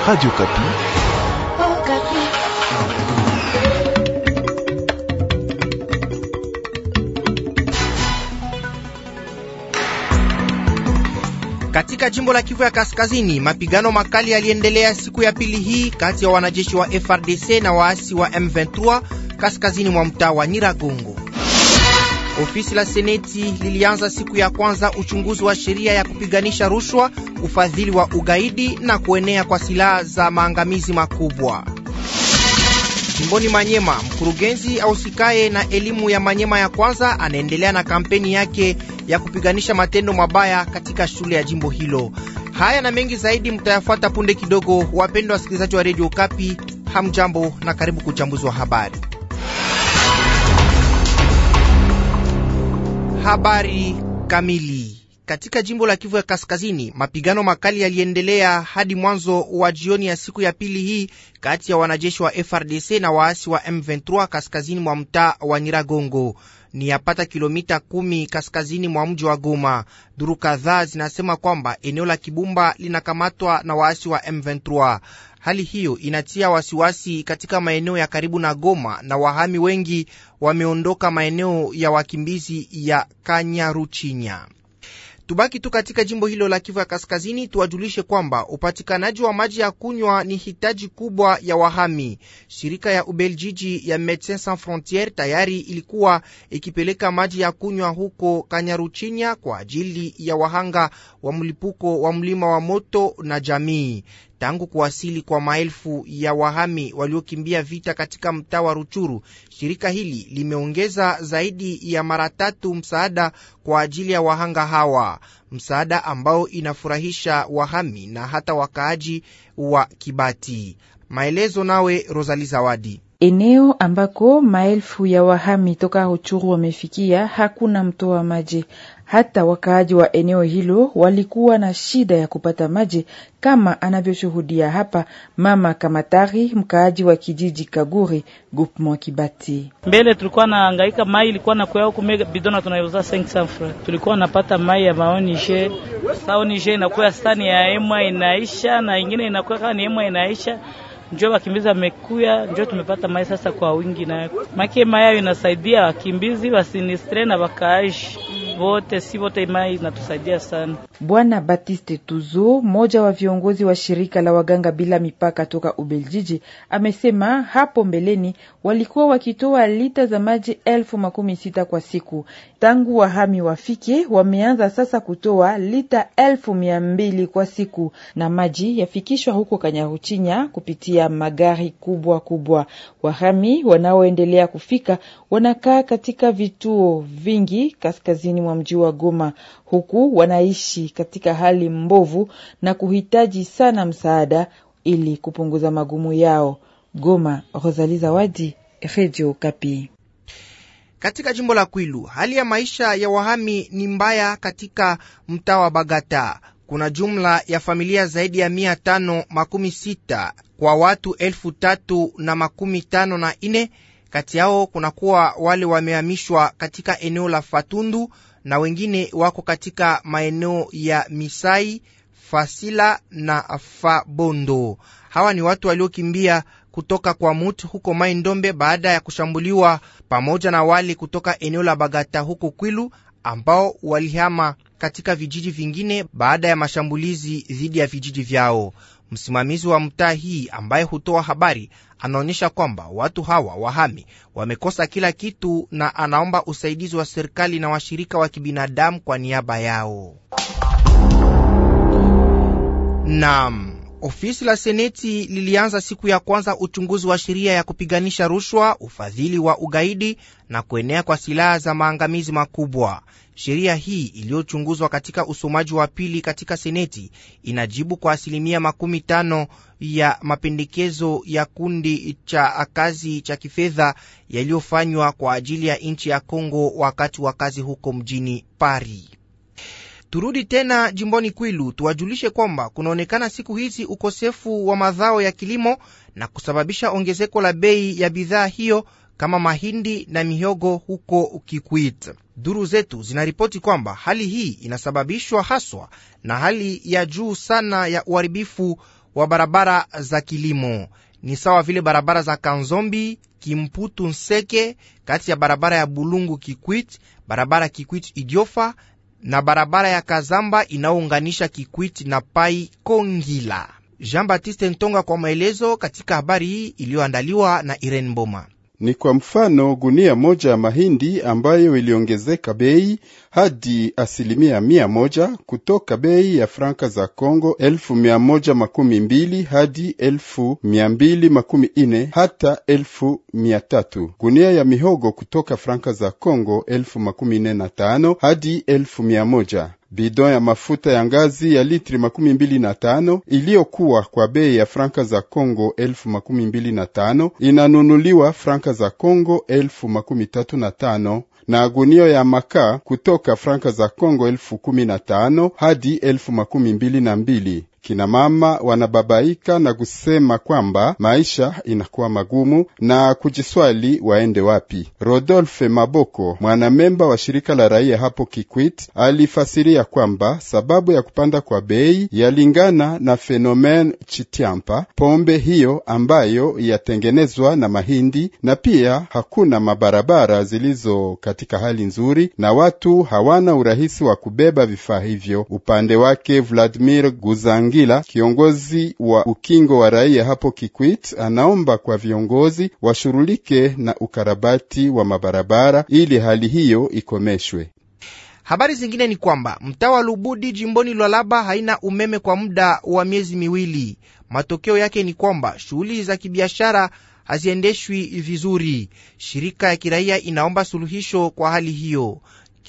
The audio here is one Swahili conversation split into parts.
Radio Kapi. Oh, Kapi. Katika jimbo la Kivu ya Kaskazini, mapigano makali yaliendelea siku ya pili hii kati ya wanajeshi wa FRDC na waasi wa M23 kaskazini mwa mtaa wa Nyiragongo. Ofisi la seneti lilianza siku ya kwanza uchunguzi wa sheria ya kupiganisha rushwa, ufadhili wa ugaidi na kuenea kwa silaha za maangamizi makubwa. Jimboni Manyema, mkurugenzi ausikaye na elimu ya Manyema ya kwanza anaendelea na kampeni yake ya kupiganisha matendo mabaya katika shule ya jimbo hilo. Haya na mengi zaidi mtayafuata punde kidogo. Wapendwa wasikilizaji wa redio Kapi, hamjambo na karibu kuchambuzwa habari Habari kamili. Katika jimbo la Kivu ya Kaskazini, mapigano makali yaliendelea hadi mwanzo wa jioni ya siku ya pili hii kati ya wanajeshi wa FRDC na waasi wa M23 kaskazini mwa mtaa wa Nyiragongo ni yapata kilomita kumi kaskazini mwa mji wa Goma. Duru kadhaa zinasema kwamba eneo la Kibumba linakamatwa na waasi wa M23. Hali hiyo inatia wasiwasi katika maeneo ya karibu na Goma, na wahami wengi wameondoka maeneo ya wakimbizi ya Kanyaruchinya. Tubaki tu katika jimbo hilo la Kivu ya Kaskazini, tuwajulishe kwamba upatikanaji wa maji ya kunywa ni hitaji kubwa ya wahami. Shirika ya Ubeljiji ya Medecins Sans Frontieres tayari ilikuwa ikipeleka maji ya kunywa huko Kanyaruchinya kwa ajili ya wahanga wa mlipuko wa mlima wa moto na jamii. Tangu kuwasili kwa maelfu ya wahami waliokimbia vita katika mtaa wa Ruchuru, shirika hili limeongeza zaidi ya mara tatu msaada kwa ajili ya wahanga hawa, msaada ambao inafurahisha wahami na hata wakaaji wa Kibati. Maelezo nawe Rosali Zawadi. Eneo ambako maelfu ya wahami toka Ruchuru wamefikia, hakuna mtoa maji. Hata wakaaji wa eneo hilo walikuwa na shida ya kupata maji, kama anavyoshuhudia hapa mama Kamatari, mkaaji wa kijiji Kaguri, groupement Kibati. Mbele tulikuwa naangaika mai ilikuwa nakwea huku bidona tunauza 500 francs, tulikuwa napata mai ya maonishe saonishe inakuwa stani ya emwa inaisha na ingine inakuwa kama ni emwa inaisha njo wakimbizi wamekuya, njo tumepata mai sasa kwa wingi, nayo make mayayo inasaidia wakimbizi wasinistre na wakaaji wote, si wote imai inatusaidia sana. Bwana Batiste Tuzo, mmoja wa viongozi wa shirika la waganga bila mipaka toka Ubeljiji, amesema hapo mbeleni walikuwa wakitoa lita za maji elfu makumi sita kwa siku. Tangu wahami wafike, wameanza sasa kutoa lita elfu mia mbili kwa siku, na maji yafikishwa huko Kanyaruchinya kupitia magari kubwa kubwa. Wahami wanaoendelea kufika wanakaa katika vituo vingi kaskazini mwa mji wa Goma, huku wanaishi katika hali mbovu na kuhitaji sana msaada ili kupunguza magumu yao. Goma, Rosali Zawadi, redio Kapi. Katika jimbo la Kwilu hali ya maisha ya wahami ni mbaya. Katika mtaa wa Bagata kuna jumla ya familia zaidi ya mia tano makumi sita kwa watu elfu tatu na makumi tano na nne kati yao kunakuwa wale wamehamishwa katika eneo la Fatundu na wengine wako katika maeneo ya Misai, Fasila na Fabondo. Hawa ni watu waliokimbia kutoka kwa Mut huko Mai Ndombe baada ya kushambuliwa, pamoja na wale kutoka eneo la Bagata huko Kwilu ambao walihama katika vijiji vingine baada ya mashambulizi dhidi ya vijiji vyao. Msimamizi wa mtaa hii ambaye hutoa habari anaonyesha kwamba watu hawa wahami wamekosa kila kitu, na anaomba usaidizi wa serikali na washirika wa kibinadamu kwa niaba yao. Naam. Ofisi la seneti lilianza siku ya kwanza uchunguzi wa sheria ya kupiganisha rushwa, ufadhili wa ugaidi na kuenea kwa silaha za maangamizi makubwa. Sheria hii iliyochunguzwa katika usomaji wa pili katika seneti inajibu kwa asilimia makumi tano ya mapendekezo ya kundi cha kazi cha kifedha yaliyofanywa kwa ajili ya nchi ya Kongo wakati wa kazi huko mjini Paris. Turudi tena jimboni Kwilu tuwajulishe kwamba kunaonekana siku hizi ukosefu wa mazao ya kilimo na kusababisha ongezeko la bei ya bidhaa hiyo kama mahindi na mihogo huko Kikwit. Duru zetu zinaripoti kwamba hali hii inasababishwa haswa na hali ya juu sana ya uharibifu wa barabara za kilimo, ni sawa vile barabara za Kanzombi Kimputu Nseke, kati ya barabara ya Bulungu Kikwit, barabara Kikwit Idiofa na barabara ya Kazamba inaounganisha Kikwiti na Pai Kongila. Jean Baptiste Ntonga kwa maelezo katika habari hii iliyoandaliwa na Irene Mboma. Ni kwa mfano gunia moja ya mahindi ambayo iliongezeka bei hadi asilimia mia moja kutoka bei ya franka za congo elfu mia moja makumi mbili hadi elfu mia mbili makumi ine hata elfu mia tatu. Gunia ya mihogo kutoka franka za congo elfu makumi ine na tano hadi elfu mia moja bidon ya mafuta ya ngazi ya litri makumi mbili na tano iliyokuwa kwa bei ya franka za congo elfu makumi mbili na tano inanunuliwa franka za congo elfu makumi tatu na tano na agunio ya makaa kutoka franka za congo elfu kumi na tano hadi elfu makumi mbili na mbili Kina mama wanababaika na kusema kwamba maisha inakuwa magumu na kujiswali waende wapi. Rodolphe Maboko, mwanamemba wa shirika la raia hapo Kikwit, alifasiria kwamba sababu ya kupanda kwa bei yalingana na fenomen chitiampa, pombe hiyo ambayo yatengenezwa na mahindi, na pia hakuna mabarabara zilizo katika hali nzuri na watu hawana urahisi wa kubeba vifaa hivyo. Upande wake Vladimir Guzang Mangila, kiongozi wa ukingo wa raia hapo Kikwit, anaomba kwa viongozi washughulike na ukarabati wa mabarabara ili hali hiyo ikomeshwe. Habari zingine ni kwamba mtaa wa Lubudi jimboni Lwalaba haina umeme kwa muda wa miezi miwili. Matokeo yake ni kwamba shughuli za kibiashara haziendeshwi vizuri. Shirika ya kiraia inaomba suluhisho kwa hali hiyo.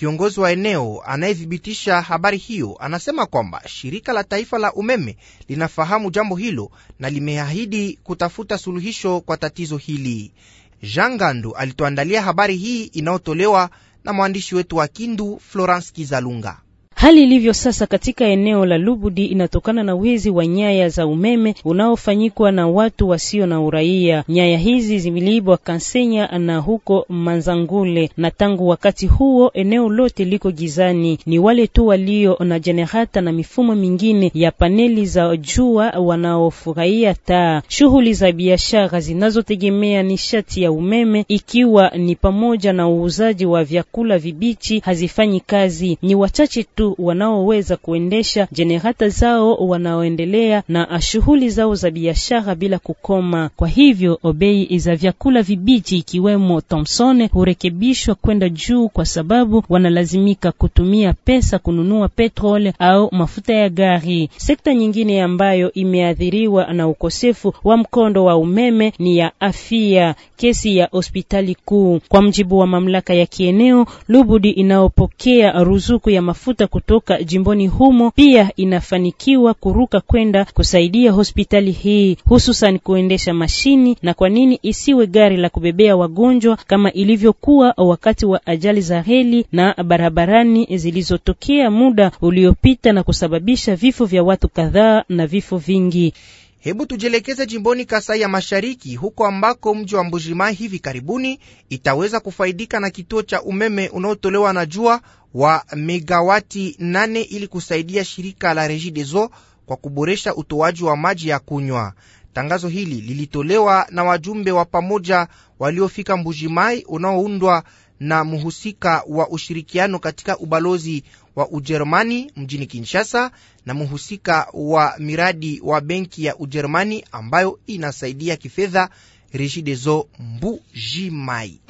Kiongozi wa eneo anayethibitisha habari hiyo anasema kwamba shirika la taifa la umeme linafahamu jambo hilo na limeahidi kutafuta suluhisho kwa tatizo hili. Jean Gandu alituandalia habari hii inayotolewa na mwandishi wetu wa Kindu, Florence Kizalunga. Hali ilivyo sasa katika eneo la Lubudi inatokana na wizi wa nyaya za umeme unaofanyikwa na watu wasio na uraia. Nyaya hizi ziliibwa Kansenya na huko Manzangule, na tangu wakati huo eneo lote liko gizani. Ni wale tu walio na jenerata na mifumo mingine ya paneli za jua wanaofurahia taa. Shughuli za biashara zinazotegemea nishati ya umeme, ikiwa ni pamoja na uuzaji wa vyakula vibichi, hazifanyi kazi. Ni wachache tu wanaoweza kuendesha jenerata zao wanaoendelea na shughuli zao za biashara bila kukoma. Kwa hivyo obei za vyakula vibichi ikiwemo Thomson hurekebishwa kwenda juu, kwa sababu wanalazimika kutumia pesa kununua petrol au mafuta ya gari. Sekta nyingine ambayo imeathiriwa na ukosefu wa mkondo wa umeme ni ya afya. Kesi ya hospitali kuu, kwa mjibu wa mamlaka ya kieneo Lubudi, inayopokea ruzuku ya mafuta kutoka jimboni humo pia inafanikiwa kuruka kwenda kusaidia hospitali hii hususan kuendesha mashini na kwa nini isiwe gari la kubebea wagonjwa kama ilivyokuwa wakati wa ajali za reli na barabarani zilizotokea muda uliopita na kusababisha vifo vya watu kadhaa na vifo vingi. Hebu tujielekeze jimboni Kasai ya Mashariki, huko ambako mji wa Mbujimai hivi karibuni itaweza kufaidika na kituo cha umeme unaotolewa na jua wa megawati 8 ili kusaidia shirika la Regideso kwa kuboresha utoaji wa maji ya kunywa. Tangazo hili lilitolewa na wajumbe wa pamoja waliofika Mbujimai unaoundwa na mhusika wa ushirikiano katika ubalozi wa Ujerumani mjini Kinshasa na mhusika wa miradi wa benki ya Ujerumani ambayo inasaidia kifedha Regideso Mbujimai.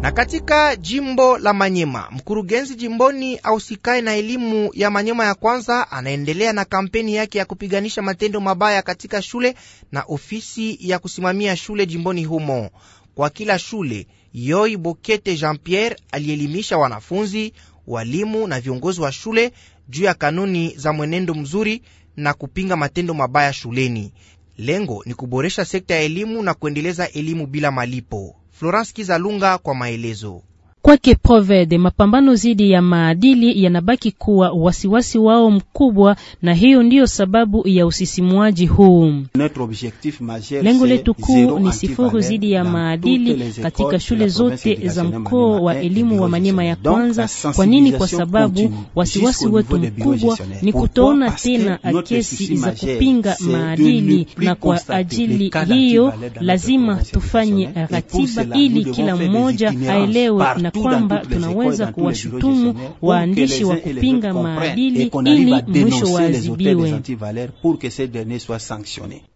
Na katika jimbo la Manyema, mkurugenzi jimboni ausikae na elimu ya Manyema ya kwanza anaendelea na kampeni yake ya kupiganisha matendo mabaya katika shule na ofisi ya kusimamia shule jimboni humo kwa kila shule Yoi Bokete Jean Pierre alielimisha wanafunzi, walimu na viongozi wa shule juu ya kanuni za mwenendo mzuri na kupinga matendo mabaya shuleni. Lengo ni kuboresha sekta ya elimu na kuendeleza elimu bila malipo. Florence Kizalunga kwa maelezo. Kwake Proved, mapambano dhidi ya maadili yanabaki kuwa wasiwasi wao mkubwa, na hiyo ndiyo sababu ya usisimuaji huu. Lengo letu kuu ni sifuru dhidi ya maadili katika shule zote za mkoa wa elimu wa Manyema ya kwanza. Kwa nini? Kwa sababu wasiwasi wetu mkubwa ni kutoona tena kesi za kupinga maadili, na kwa ajili hiyo lazima tufanye ratiba ili kila mmoja aelewe na kwamba tunaweza kuwashutumu waandishi wa kupinga maadili ili mwisho waadhibiwe.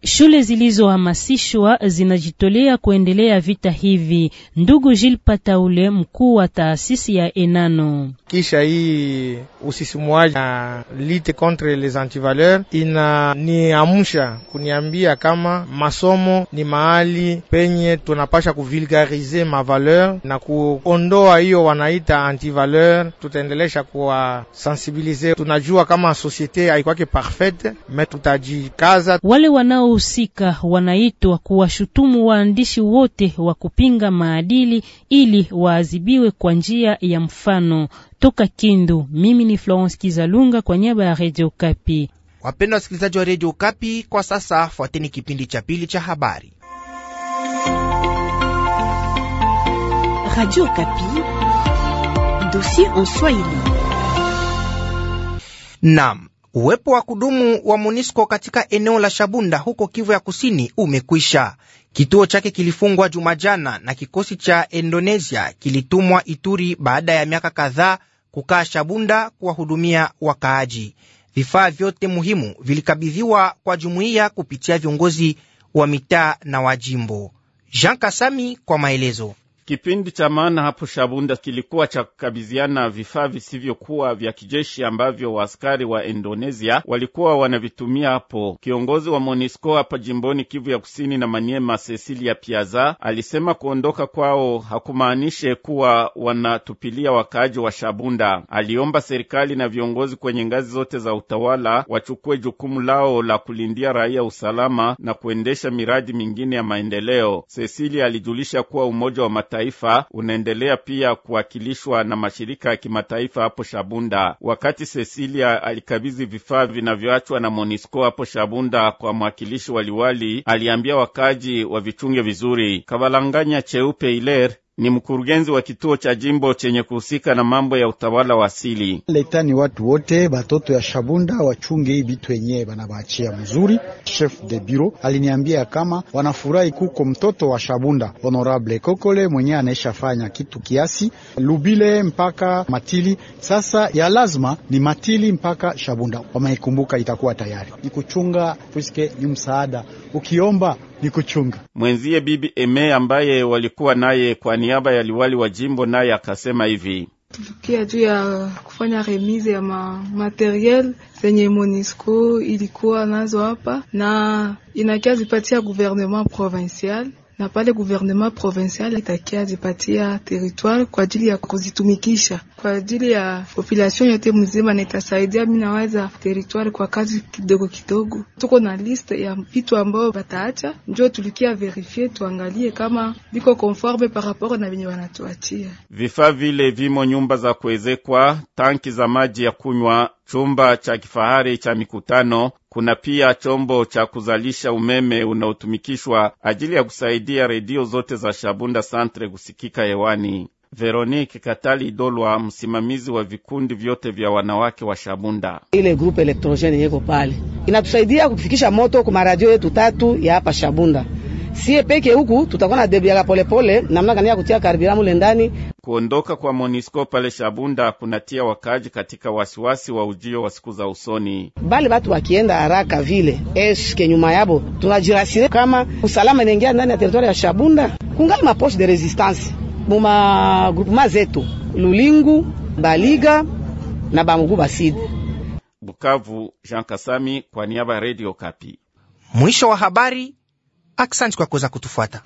Shule zilizohamasishwa zinajitolea kuendelea vita hivi. Ndugu Jil Pataule, mkuu wa taasisi ya Enano, kisha hii usisimuaji na lite contre les antivaleurs inaniamsha kuniambia kama masomo ni mahali penye tunapasha kuvulgarize mavaleur na kuondoa kutoa hiyo wanaita antivaleur, tutaendelesha kuwasensibilize. Tunajua kama societe haikwake parfaite, me tutajikaza. Wale wanaohusika wanaitwa kuwashutumu waandishi wote wa kupinga maadili ili waadhibiwe kwa njia ya mfano. Toka Kindu, mimi ni Florence Kizalunga kwa niaba ya Radio Kapi. Wapendwa wasikilizaji wa Radio Kapi, kwa sasa fuateni kipindi cha pili cha habari. Radio Okapi, dossier en Swahili. Naam, uwepo wa kudumu wa MONUSCO katika eneo la Shabunda huko Kivu ya Kusini umekwisha. Kituo chake kilifungwa Jumajana na kikosi cha Indonesia kilitumwa Ituri baada ya miaka kadhaa kukaa Shabunda kuwahudumia wakaaji. Vifaa vyote muhimu vilikabidhiwa kwa jumuiya kupitia viongozi wa mitaa na wa jimbo. Jean Kasami kwa maelezo. Kipindi cha maana hapo Shabunda kilikuwa cha kukabidhiana vifaa visivyokuwa vya kijeshi ambavyo waaskari wa Indonesia walikuwa wanavitumia hapo. Kiongozi wa MONUSCO hapa jimboni Kivu ya Kusini na Maniema, Cecilia Piaza, alisema kuondoka kwao hakumaanishe kuwa wanatupilia wakaaji wa Shabunda. Aliomba serikali na viongozi kwenye ngazi zote za utawala wachukue jukumu lao la kulindia raia usalama na kuendesha miradi mingine ya maendeleo. Cecilia alijulisha kuwa Umoja wa Mataifa kimataifa unaendelea pia kuwakilishwa na mashirika ya kimataifa hapo Shabunda. Wakati Cecilia alikabidhi vifaa vinavyoachwa na Monisco hapo Shabunda kwa mwakilishi waliwali, aliambia wakaji vichunge vizuri. Kavalanganya cheupe iler ni mkurugenzi wa kituo cha jimbo chenye kuhusika na mambo ya utawala wa asili. Letani watu wote batoto ya Shabunda wachunge hii bitu yenyewe banabaachia mzuri. Chef de bureau aliniambia kama wanafurahi kuko mtoto wa Shabunda Honorable Kokole mwenyewe anaishafanya kitu kiasi Lubile mpaka Matili. Sasa ya lazima ni Matili mpaka Shabunda, wameikumbuka itakuwa tayari ni kuchunga puisque ni msaada ukiomba ni kuchunga Mwenzie bibi Eme ambaye walikuwa naye kwa niaba ya liwali wa jimbo, naye akasema hivi: tulikia juu ya kufanya remise ya ma materiel zenye Monisco ilikuwa nazo hapa, na inakia zipatia gouvernement provincial na pale gouvernement provincial itakia zipatia territoire kwa ajili ya kuzitumikisha kwa ajili ya population yote mzima, na itasaidia mimi naweza territoire kwa kazi kidogo kidogo. Tuko na liste ya vitu ambao bataacha, njo tulikia verifie tuangalie kama viko conforme par rapport na venye wanatuachia. Vifaa vile vimo nyumba za kuezekwa, tanki za maji ya kunywa, chumba cha kifahari cha mikutano. Kuna pia chombo cha kuzalisha umeme unaotumikishwa ajili ya kusaidia redio zote za Shabunda Santre kusikika hewani. Veronike Katali Idolwa, msimamizi wa vikundi vyote vya wanawake wa Shabunda. Ile grupe elektrojeni yeko pale inatusaidia kufikisha moto kwa maradio yetu tatu ya hapa Shabunda. Sie peke huku tutakuwa na debiaka polepole namna gani ya kutia karibiramu mule ndani. Kuondoka kwa Monisco pale Shabunda kunatia wakaji katika wasiwasi wa ujio wa siku za usoni. Bale batu wakienda haraka vile eske nyuma yabo tunajirasire kama usalama inaingia ndani ya teritoria ya Shabunda kungali maposte de resistance mumagrupema zetu Lulingu, Baliga na Bamugu Baside. Bukavu, Jean Kasami kwa niaba ya Radio Kapi. Mwisho wa habari. Aksanti kwa kuweza kutufuata.